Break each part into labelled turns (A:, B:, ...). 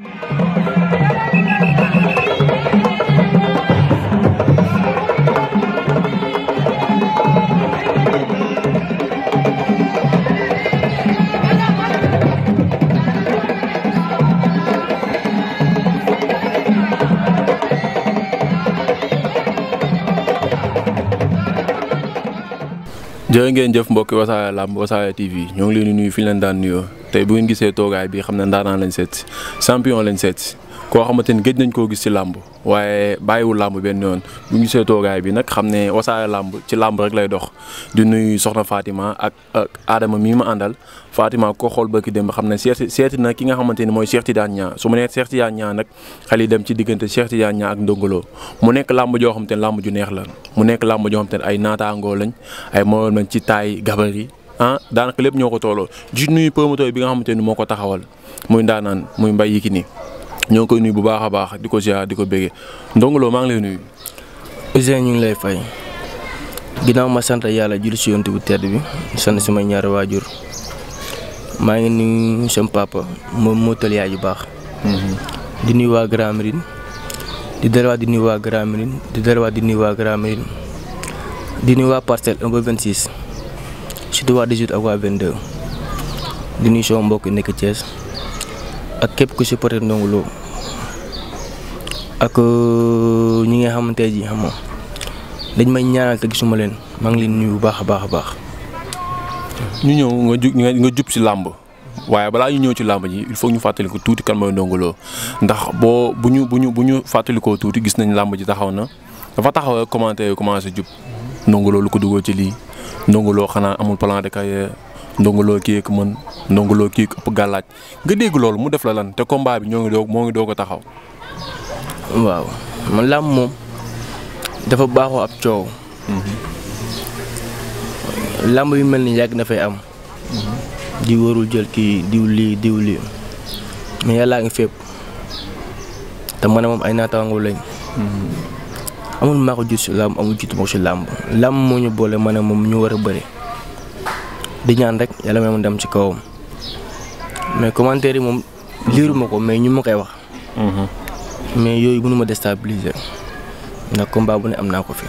A: jërë ngeen jëf mbokki wasaare làmb wasaare TV ñoo ngi leen di nuyu fi ñu daan nuyoo tey bu ngeen gisee toogaay bi xam ne ndaanaan lañ seet si champion lañ seet koo xamante ni géej nañ koo gis ci làmb waaye bàyyiwul làmb benn yoon bu ngi gisee toogaay bi nag xam ne wasaare làmb ci làmb rek lay dox di nuyu soxna Fatima ak ak Adama mii ma àndal Fatima ko xool ba ki xam ne seeti seeti na ki nga xamante ni mooy Cheikh Tidiane Niang su mu nee Cheikh Tidiane Niang nag xel yi dem ci diggante Cheikh Tidiane Niang ak Ndongolo mu nekk làmb joo xam te ne làmb ju neex la mu nekk làmb joo xam te ay naataangoo lañ ay moyoon nañ ci taay gabar yi ah daanaka lépp ñoo ko tooloo di nuyu promoteur bi nga xamante ni moo ko taxawal muy ndaanaan muy ki nii ñoo koy nuyu bu baax a baax di ko ziar di ko béggee Ndongo Lo maa ngi lay nuyu. Ouzin ñu ngi lay fay ginnaaw ma sant yàlla jur si yonent bu sama ñaari
B: waajur maa ngi nuyu papa moom mootal yaay yu baax. Mm-hmm. di nuyu waa Grand Médine di delluwaat di nuy waa Grand Médine di delluwaat di nuy waa Grand di nuyu waa parcelle 1 ba surtout waa 18 ak waa 22 di nuyu mbokki nekk cees ak képp ku supporter Ndongo Lo ak euh, ñi nga xamante ji xam
A: dañ may ñaanal te gisuma leen maa ngi leen nuyu bu baax a baax a baax. ñu ñëw nga ju nga jub si làmb waaye balaa ñu ñëw ci làmb ji il faut ñu fàttalikoo tuuti kan mooy Ndongo Lo ndax boo bu ñu bu ñu bu ñu fàttalikoo tuuti gis nañ làmb ji taxaw na dafa taxaw commentaire yu commencé jub Ndongo Lo lu ko duggoo ci lii Ndongo loo xanaa amul plan de carrière Ndongo Lo kii ak mën Ndongo Lo kii ak ëpp gàllaaj nga dégg loolu mu def la lan te combat bi ñoo ngi doog moo ngi doog a taxaw. làmb moom dafa
B: baaxoo ab coow. Mhm. làmb yu mel ni yàgg na fay am. Mhm. di warul jël kii diw lii diw lii mais yàllaa ngi fépp te man moom ay naataango lañ. Mhm. amul maa ko jiitu si làmb amul jiitu ma ko si làmb làmb moo ñu boole ma ne moom ñu war a bëri di ñaan rek yàlla may mu dem ci kawam mais commentaire yi moom liiruma ko mais ñu ma
A: koy wax. Mhm. mais yooyu mënu ma déstabiliser ndax combat bu ne am naa ko fi.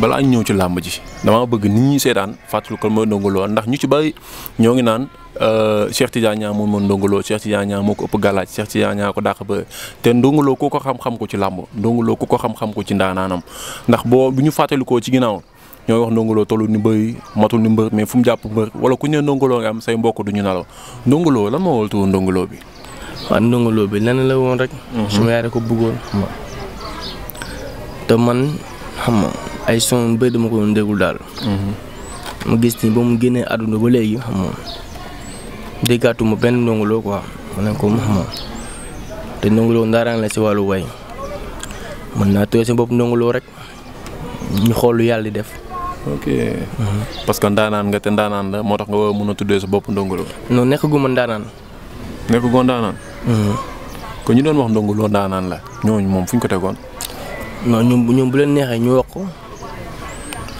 A: balaa ñëw ci làmb ji damaa bëgg nit ñi seetaan fàttalikul mooy Ndongo Lo ndax ñu ci bari ñoo ngi naan euh, Cheikh Tidiane Niang moom mooy Ndongo Lo Cheikh Tidiane Niang moo ko ëpp galaaj Cheikh ko dàq ba te Ndongo Lo ko xam-xam ko ci làmb Ndongo Lo ko xam-xam ko ci ndaanaanam ndax boo bu ñu fàttalikoo ci ginnaaw ñooy wax Ndongo Lo ni bëy matul ni mbër mais fu mu jàpp mbër wala ku ñu ne Ndongo Lo am say mbokk du ñu nalaw Ndongo Lo lan moo waltu Ndongo Lo bi. waaw Ndongo Lo bi lenn la woon rek. Mhm. su ma yaay ko bëggoon.
B: te man xam ay son bëri dama ko doon déglu daal. Mhm. ma gis ni ba mu génnee àdduna ba léegi xam benn Ndongo Lo ne ko xam te la si wàllu way mën naa tooy si bopp Ndongo rek
A: ñu xool lu yàlla def. Mhm. parce que ndaanaan nga te ndaanaan moo tax nga war a mën a tuddee si bopp Ndongo Lo. non nekkaguma ndaanaan. nekkagoo ndaanaan. Mhm. ñu doon wax Ndongo Lo la ñooñu moom fu ñu ko tegoon. non ñoom ñoom bu leen neexee ñu wax ko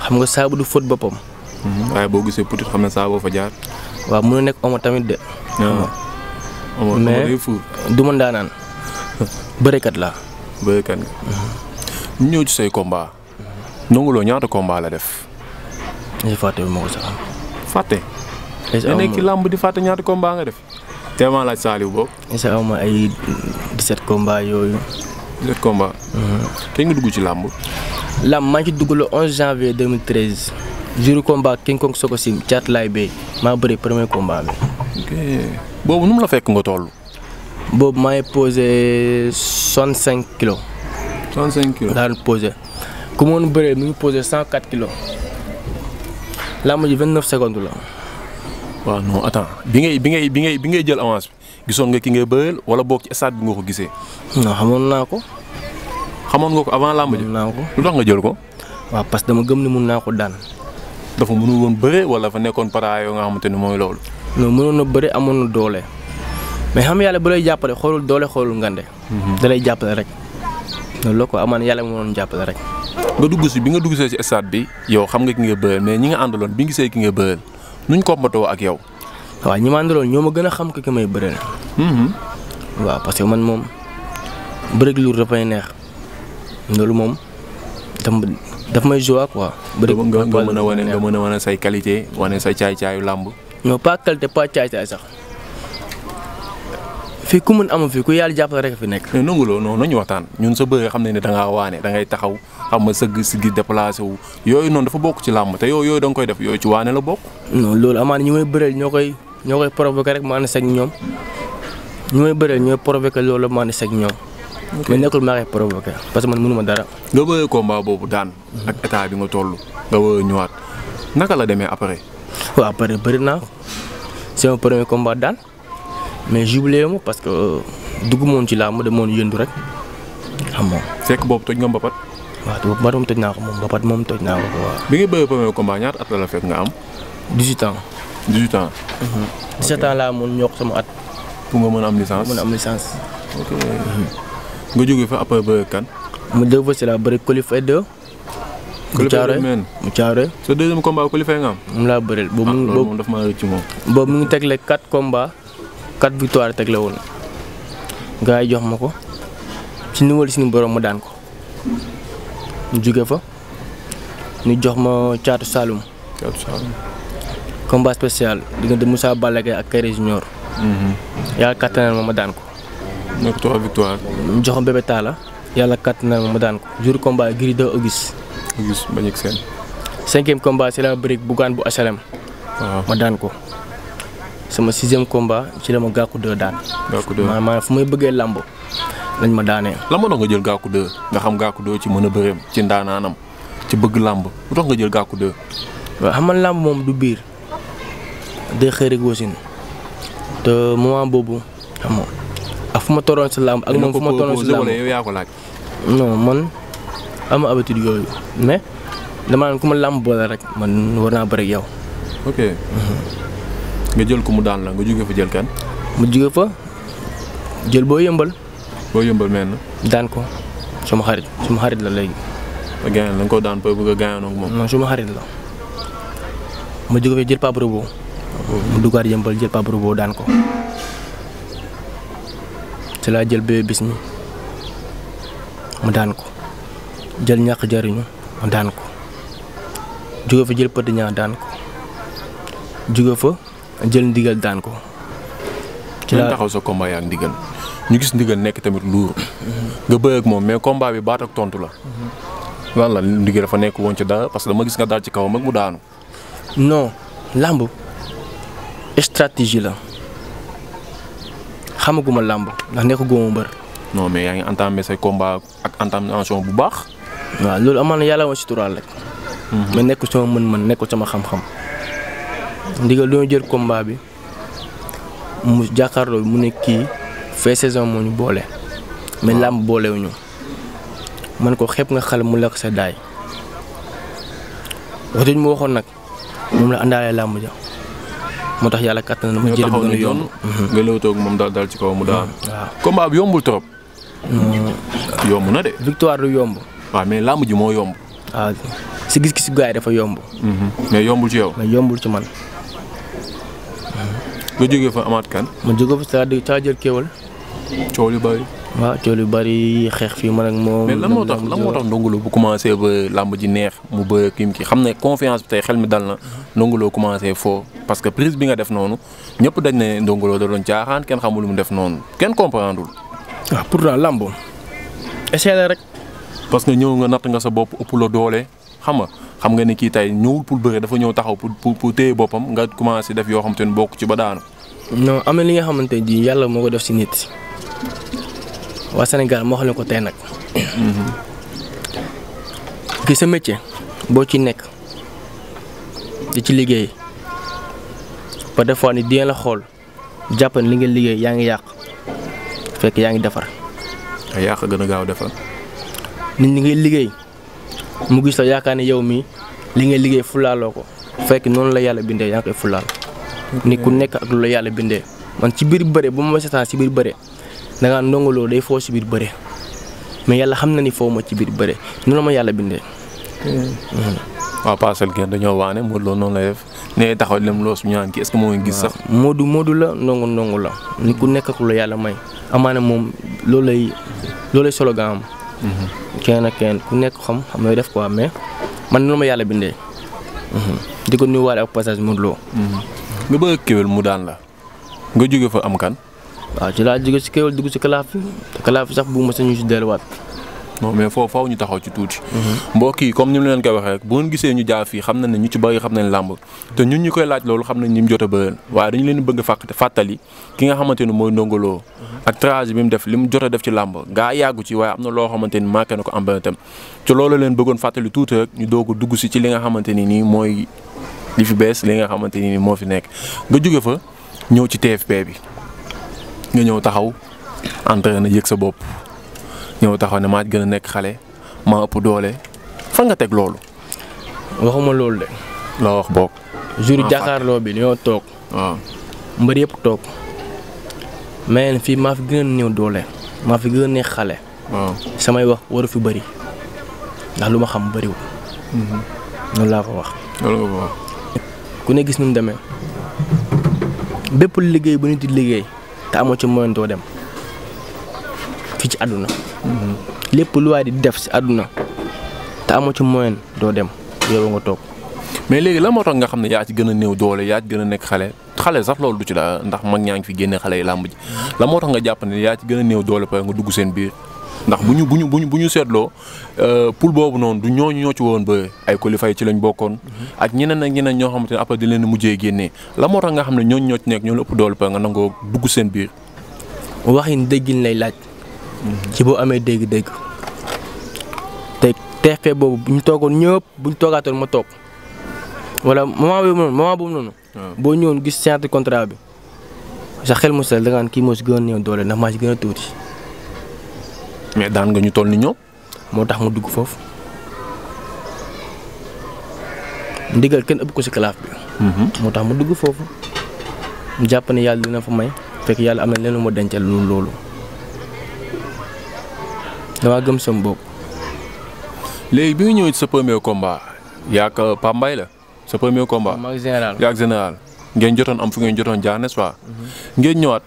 A: xam nga saabu du fóot boppam. Mhm. waaye boo gisee Petite xam ne saaboo fa jaar. waaw mën na nekk omo tamit de. waaw ah. mais du ma ndaanaan bërekat laa. bërekat ñu mhm. ñëw ci say combat mhm. Ndongo ñaata komba la def. ñu fàtte bi ma nekk làmb di fàtte ñaata combat nga def. teemaa laaj Saliou boobu.
B: incha allah ay 17 combat yooyu. 17 combat. kañ nga dugg ci làmb. lam maa ngi ci dugg le 11 janvier 2013 jour combat King Kong Sococim Thiatou Laye Bèye maa bëri premier combat bi. ok boobu nu mu la fekk nga toll. boobu maa ngi posé 65 kilos. 65 kilos daal
A: posé ku ma woon bëree mi ngi posé 104 kilos. lamb ji 29 secondes la. waaw non attends bi ngay bi ngay bi ngay bi ngay jël avance bi gisoon nga ki ngay bëreel wala boog ci stade bi nga ko gisee. non xamoon naa ko. xamoon nga ko avant làmb ji naa ko lu tax nga jël ko. waaw parce que dama gëm ni mun naa ko daan. dafa mënul woon bëre wala fa nekkoon para yoo nga ni mooy loolu. non mënoon na bëre amoon na doole mais xam yàlla bu lay jàppale xoolul doole xoolul ngande. Mhm. da jàppale rek. loolu la ko amaan yàlla mu mënoon jàppale rek. nga dugg si bi nga dugg see si stade bi yow xam nga ki nga bëreel mais ñi nga àndaloon bi nga gisee ki nga bëreel nuñ combatoo ak yow. waaw ñi ma àndaloon ñoo ma gën a xam ko ki may bëreel. Mhm.
B: waaw parce que man moom bëreeg lu dafay neex. loolu moom dama daf may waa quoi. bëri nga
A: mën a wane nga mën a wane say qualité wane sa caay-caayu làmb. non pas qualité pas caay-caay sax fii ku mën amu fi ku yàlla jàppale rek fi nekk. mais nangu loo noonu nañu waxtaan ñun sa bëre xam nañ ne da ngaa waane da ngay taxaw xam ma sëgg si gi déplacé wu yooyu noonu dafa bokk ci làmb te yooyu yooyu da nga koy def yooyu ci waane la bokk. loolu loolu amaana ñu may bëreel ñoo koy ñoo koy provoqué rek ma ànd seeg ñoom
B: ñu may bëreel ñooy provoqué loolu ma ànd ñoom. mais nekkul maa ngi provoqué parce que man mënuma dara. nga
A: bëggee combat boobu daan. ak état bi nga toll nga bëgg ñëwaat naka la demee après. waaw après bëri naa c'est mon premier combat daan mais jubilé ma parce que dugg moom ci laa ma demoon yëndu rek xam nga. fekk boobu toj nga mbapat. waaw boobu man moom toj naa ko moom mbapat moom toj naa ko waaw. bi nga bëggee premier combat ñaata at la la fekk nga am. 18 ans. 18 ans. 17 ans laa mun ñoo sama at. mën a am licence mën am
B: licence. nga jógee fa après bëre kan. mu deux fois si laa bëri Koulibaly 2.
A: mu caare sa deuxième combat Koulibaly nga mu laa bëreel
B: boobu ah, mu boobu moom daf maa rëcc mu ngi tegle quatre combats quatre victoire tegle woon jox ma ko ci nuwal borom ma daan mu jóge fa ñu jox ma caatu Saloum. caatu Saloum. combat spécial diggante Moussa Balla ak Kéré Junior. Mhm. yàlla kattanal ma ma daan ko. nekk trois yàlla kat na ma daan ko. jour combat Gris 2 Auguste. Auguste combat ci la ma bëreeg Bougane bu HLM. waaw ma daan ko. sama sixième combat ci la ma gàkku 2 daan. gàkku
A: 2 fu may bëggee làmb lañ ma daanee. la ma nga jël gàkku 2 nga xam gàkku 2 ci mën a bëreem ci ndaanaanam ci bëgg làmb lu tax nga jël gàkku 2. waaw xam nga làmb moom du biir
B: day xëy rek wasin te moment boobu xam ak ah, fu ma toroon si làmb ak moom fu ma toroon si làmb yow yaa ko laaj. non man ama habitude yooyu mais damaa ne ku ma làmb boole rek man war naa bëri yow. nga jël ko mu daan la nga jóge fa jël kan. mu jóge fa jël boo yëmbal. boo yëmbal mel na. daan ko suma xarit suma xarit la léegi.
A: nga koo daan ba bëgg a gaañoon ak moom.
B: non jóge fa jël Pape mu duggaat yëmbal jël Pape daan ko. ci laa jël bébé bis mi mu daan ko jël ñàkk jariñu mu daan ko jóge fa jël pëdd ñaa daan ko
A: jóge fa jël ndigal daan ko. ci laa taxaw sa combat yaa ak ndigal ñu gis ndigal nekk tamit luur nga bëgg moom mais combat bi baat ak tontu la. lan la ndigal dafa nekk woon ci daal parce que dama gis nga daal ci kawam ak mu daanu. non làmb stratégie la. xamaguma làmb ndax nekkaguma mbër. non mais yaa ngi entamé say combat ak entamation bu baax.
B: waaw loolu amaan na yàlla ma suturaal rek. Mhm. mais nekkul sama mën-mën nekkul sama xam-xam. ndigal dañoo jël combat bi mu jàkkaarloo mu ne kii fee saison moo ñu boole. mais làmb boolewuñu man ko xeeb nga xale mu lekk sa daay. wax dëgg mu waxoon nag moom la àndaalee làmb
A: ja moo tax yàlla kattan na ma jël bu gën a yomb mhm. nga lëwtoog moom daal daal ci kaw mu daan mhm. waaw combat bi yombul trop mhm. yomb na de victoire du yomb waaw mais làmb ji moo yomb waaw ah, si gis-gisu gars yi dafa yomb mais yombul ci yow mais yombul ci man nga jógee fa amaat kan ma jógee fa saa jël kéwal coow li bari
B: waaw cool yu bari xeex fii ma ak moom. mais lan moo tax lan moo tax
A: Ndongo bu commencé ba làmb ji neex mu bëre kim ki xam ne confiance bi tey xel mi dal na Ndongo Lo commencé foo parce que prise bi nga def noonu ñëpp dañ ne Ndongo Lo da doon caaxaan kenn xamul lu mu def noonu kenn comprendre lul. waaw ah, pourtant làmb essayé rek. parce que ñëw nga natt nga sa bopp ëpp la doole xam nga xam nga ni kii tey ñëwul pour bëre dafa ñëw taxaw pour pour téye boppam nga commencé def yoo xam te ne ci ba daanu. non am na li nga xamante ji yàlla moo ko def si nit.
B: waa senegal moo xam ne ko tey nag. ki sa métier boo ci nekk di ci liggéey ba des ni di la xool jàpp li nga liggéey yaa ngi yàq fekk yaa ngi defar.
A: ay yàq gën a gaaw defar.
B: nit ñi ngay liggéey mu gis la yaakaar ne yow mii li ngay liggéey fulaaloo ko fekk noonu la yàlla bindee yaa ngi koy fulaal. nit ku nekk ak lu la yàlla bindee man ci biir bëre bu ma seetaan ci biir bëre. da Ndongo Lo day foo si biir bëre mais yàlla xam na ni foo ci biir bëre noonu la ma
A: yàlla bindee. Hmm. waaw dañoo waane Modou Lo noonu lay def moo gis sax. Modou Modou la Ndongo Ndongo ni ku nekk ak yàlla may
B: amaana moom loolu lay hmm. kenn ak ku nekk xam xam def quoi mais man ma yàlla bindee. Hmm. di ko nuyuwaale passage Modou
A: nga bëgg kéwél mu daan la nga jóge fa am kan. waaw ci laa jóge si kéwél dugg ci kalaaf bi te kalaaf bi sax bu ma sañu si delluwaat. non mais foofu faaw ñu taxaw ci tuuti. Mhm. mbokk yi comme ni mu leen koy waxee rek gisee ñu jaar fii xam ne ñu ci bëri xam nañ làmb te ñun ñu koy laaj loolu xam nañ ni mu jot a bëri waaye dañu leen bëgg a fàq fàttali ki nga xamante ni mooy Ndongo Lo ak trage bi def li mu jot a def ci làmb gaa yàggu ci waaye am na loo xamante ni manqué na ko am tam ci leen bëggoon fàttali tuuti rek ñu doog dugg si ci li nga xamante ni nii mooy li fi bees li nga xamante ni moo fi nekk nga jóge fa ñëw ci TFP bi nga ñëw taxaw na yëg sa bopp ñëw taxaw ne maa gën a nekk xale maa ëpp doole fan nga teg loolu. waxuma loolu de. loo wax boog. jour
B: jàkkaarloo bi dañoo toog. waaw mbër yëpp toog. mais fii maa fi gën a doole. maa fi gën a nekk xale. samay wax waru fi bari ndax lu ma xam bëriwul. Mhm. loolu laa ko wax. ku ne gis nu mu demee bépp liggéey bu nit di liggéey. te amoo ci moyen doo dem fii ci àdduna lépp lu waay di def si àdduna te amoo ci moyen doo dem yow nga toog.
A: mais léegi la moo nga xam ne yaa ci gën a néew doole yaa ci gën a nekk xale xale sax loolu du ci la ndax mag ñaa ngi fi génne xale yi làmb ji la moo tax nga jàpp ni yaa ci gën a néew doole pare nga dugg seen biir. ndax bu ñu bu ñu bu ñu bu ñu seetloo euh, poul boobu noonu du ñooñu ñoo ci woon ba ay qualifié ci lañ bokkoon. Mhm. ak ñeneen ak ñeneen ñoo xamante ne di leen mujjee génnee la moo tax nga xam ne ñooñu ñoo ci nekk ñoo la ëpp doole pa nga dugg seen biir. waxin dëggin lay laaj. Mhm. ci boo amee dégg-dégg. te
B: teefee boobu bu ñu toogoon ñëpp bu ñu toogaatoon ma toog wala moment boobu noonu moment noonu. boo ñëwoon gis signature contrat bi. sa xel mu sell da kii moo si gën a néew doole ndax maa si gën a tuuti. mais daan nga ñu toll ni ñoom moo tax mu dugg foofu ndigal kenn ëpp ko si kalaaf bi. Mhm. moo tax mu dugg foofu mu jàpp ne yàlla dina fa may fekk yàlla am na leen leneen ma dencal loolu
A: damaa gëm sam bopp. léegi bi nga ñëwee ci sa premier combat yaa ko la sa premier combat. maa ngi général yaa jotoon am fu ngeen jotoon jaar n'est-ce pas. Mhm. ngeen ñëwaat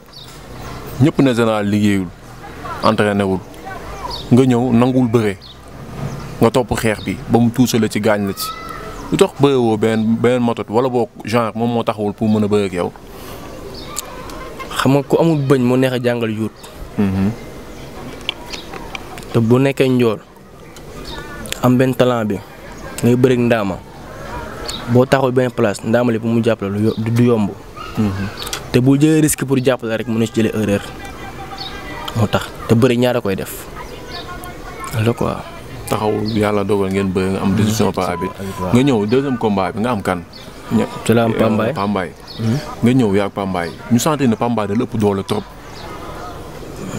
A: ñëpp ne général liggéeyul entraîné wul. nga ñëw nanguwul bëre nga topp xeex bi ba mu tuuse la ci gaañ la ci lu tax bëre woo beneen beneen motot wala boo genre moom moo taxawul pour mën a bëre yow. xam nga ku amul bëñ mu neex a jàngal mm-hmm.
B: te bu nekkee njool am benn talent bi ngay bëri ndaama boo taxul benn place ndaama li bu mu jàppale du yomb. Mm-hmm. te bu jëlee risque pour jàppale rek mën ne ci jëlee erreur
A: moo tax te bëri ñaar a koy def. la quoi. taxaw yàlla dogal ngeen bëri nga am décision par habit mm-hmm. nga ñëw deuxième combat nga am kan. ña ci la euh, mm-hmm. nga ñëw yaa Pambaay ñu sentir ne Pambaay da la ëpp doole trop.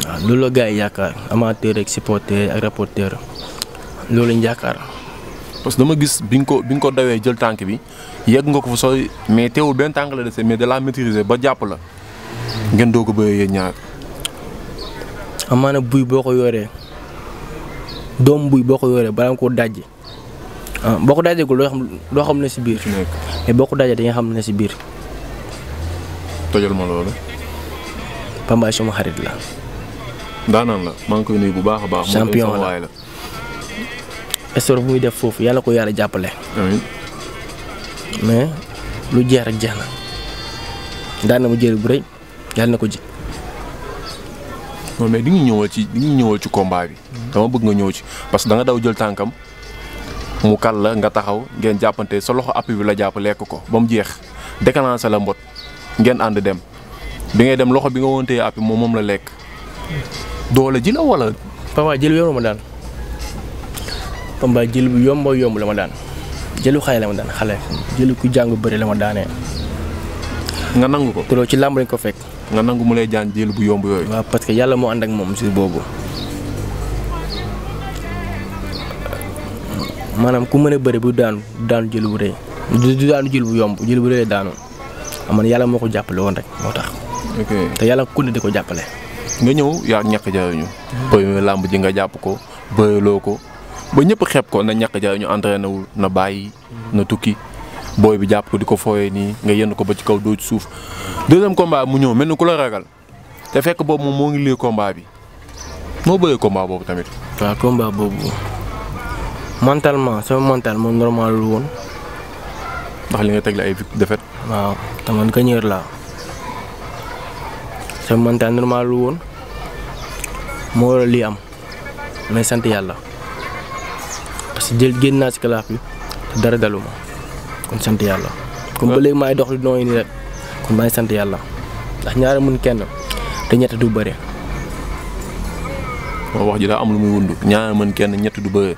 A: Ah, loolu la gars yi yaakaar amateur ak supporter ak rapporteur loolu lañ yaakaar. parce que dama gis bi nga ko bi ko dawee jël tànk bi yegg nga ko fa sooy mais teewul benn tànk la dese mais da laa maîtriser ba jàpp la ngeen doo ko bëree yéen ñaar.
B: amaana buy boo ko yoree. doom buy boo ko yoree balaa nga koo dajji ah boo ko dajjagul loo xam loo xam ne si biir. mais boo ko dajjee di nga xam ne si biir.
A: tojal ma loolu. Pambaay sama xarit la. daanaan la maa ngi koy nuyu bu baax a baax. champion la waay la.
B: estor bu muy def foofu yàlla ko yàlla jàppale. amiin. mais lu jeex rek
A: jeex na daan na mu jël bu rëy yàlla na ko ji. non mais di nga ñëwal ci di nga ñëwal ci combat bi. dama bëgg nga ñëw ci parce que da daw jël tànkam mu kal la nga taxaw ngeen jàppante sa loxo appui bi la jàpp lekk ko ba mu jeex déclenché la mbot ngeen ànd dem bi ngay dem loxo bi nga wontee appui moom moom la lekk doole ji la wala. Pamba jël ma daan Pamba
B: jël bu yomb yomb la ma daan jëlu xale la ma daan xale jëlu ku jàng bëri la ma daanee. nga nangu ko. te loolu ci làmb lañ ko fekk. nga nangu mu lay jaan jël bu yomb yooyu. waaw parce que yàlla moo ànd ak moom si boobu. maanaam ku mën bari bëri bu daanu daanu jël bu rëy du daanu jël bu yomb jël bu rëy daanu
A: aman ah, yàlla moo ko jàppale woon rek moo tax. te yàlla ku ne di ko jàppale. nga ñëw yaa ñàkk jaayuñu. premier làmb ji nga jàpp ko bëyaloo ko ba ñëpp xeeb ko na ñàkk jaayuñu entraîné wul na bàyyi. Mm-hmm. na tukki booy bi jàpp ko di ko fooyee nii nga yenn ko ba ci kaw doo ci suuf deuxième combat mu ñëw mel ni ku la ragal te fekk boobu moom moo ngi lii combat bi moo bëree combat boobu tamit. mentalement sama mental moom normal lu woon. ndax li nga teg la ay défaite.
B: waaw te man gagneur sama mental normal woon moo waral lii am mais sant yàlla parce jël génn naa si kalaaf bi dara dalu kon sant yàlla. kon ba léegi maay dox li
A: nooy nii rek kon maay sant yàlla ndax ñaara mun kenn te ñett du bëri. wax ji daa am lu muy wund ñaar mën kenn ñett du bëre.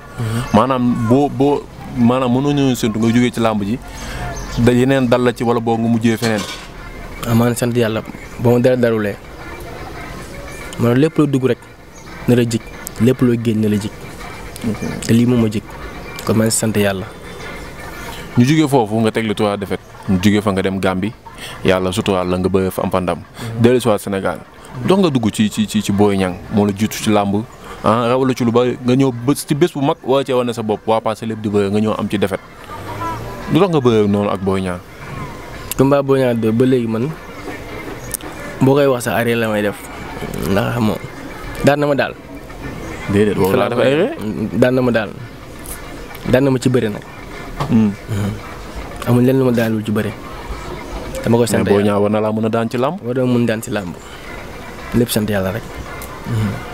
A: maanaam boo boo maanaam mënoo ñëw séntu nga jóge ci làmb ji da yeneen dal la ci wala boo nga mujjee feneen. amaan ah, sant yàlla ba ma dara darulee
B: man lépp loo dugg rek na la jig lépp loo génn na la jig. te lii moom ma jig kon maa sant
A: yàlla. ñu jógee foofu nga teg li trois défaites ñu jógee fa nga dem Gambie yàlla suturaal la nga bëre fa am fa ndam mm-hmm. dellu si waat dox nga dugg ci ci ci Boy Niang moo la jiitu ci làmb ah raw la ci lu bari nga ñëw bés ci bés bu mag wala cee wane sa bopp waa passé lépp di bëre nga ñëw am ci defet lu dox nga bëre noonu ak Boy Niang. combat Boy Niang de ba léegi man boo koy wax sa arrière la may def ndax
B: xam daan na ma daal. déedéet boobu laa def daan na ma daal daan ma ci bëre nag. Hmm. amul lenn lu ma daalul ci bëre. dama koy sant Boy Niang war na laa mën a daan ci làmb. war na mën daan ci làmb. lépp sant yàlla rek. Mm-hmm.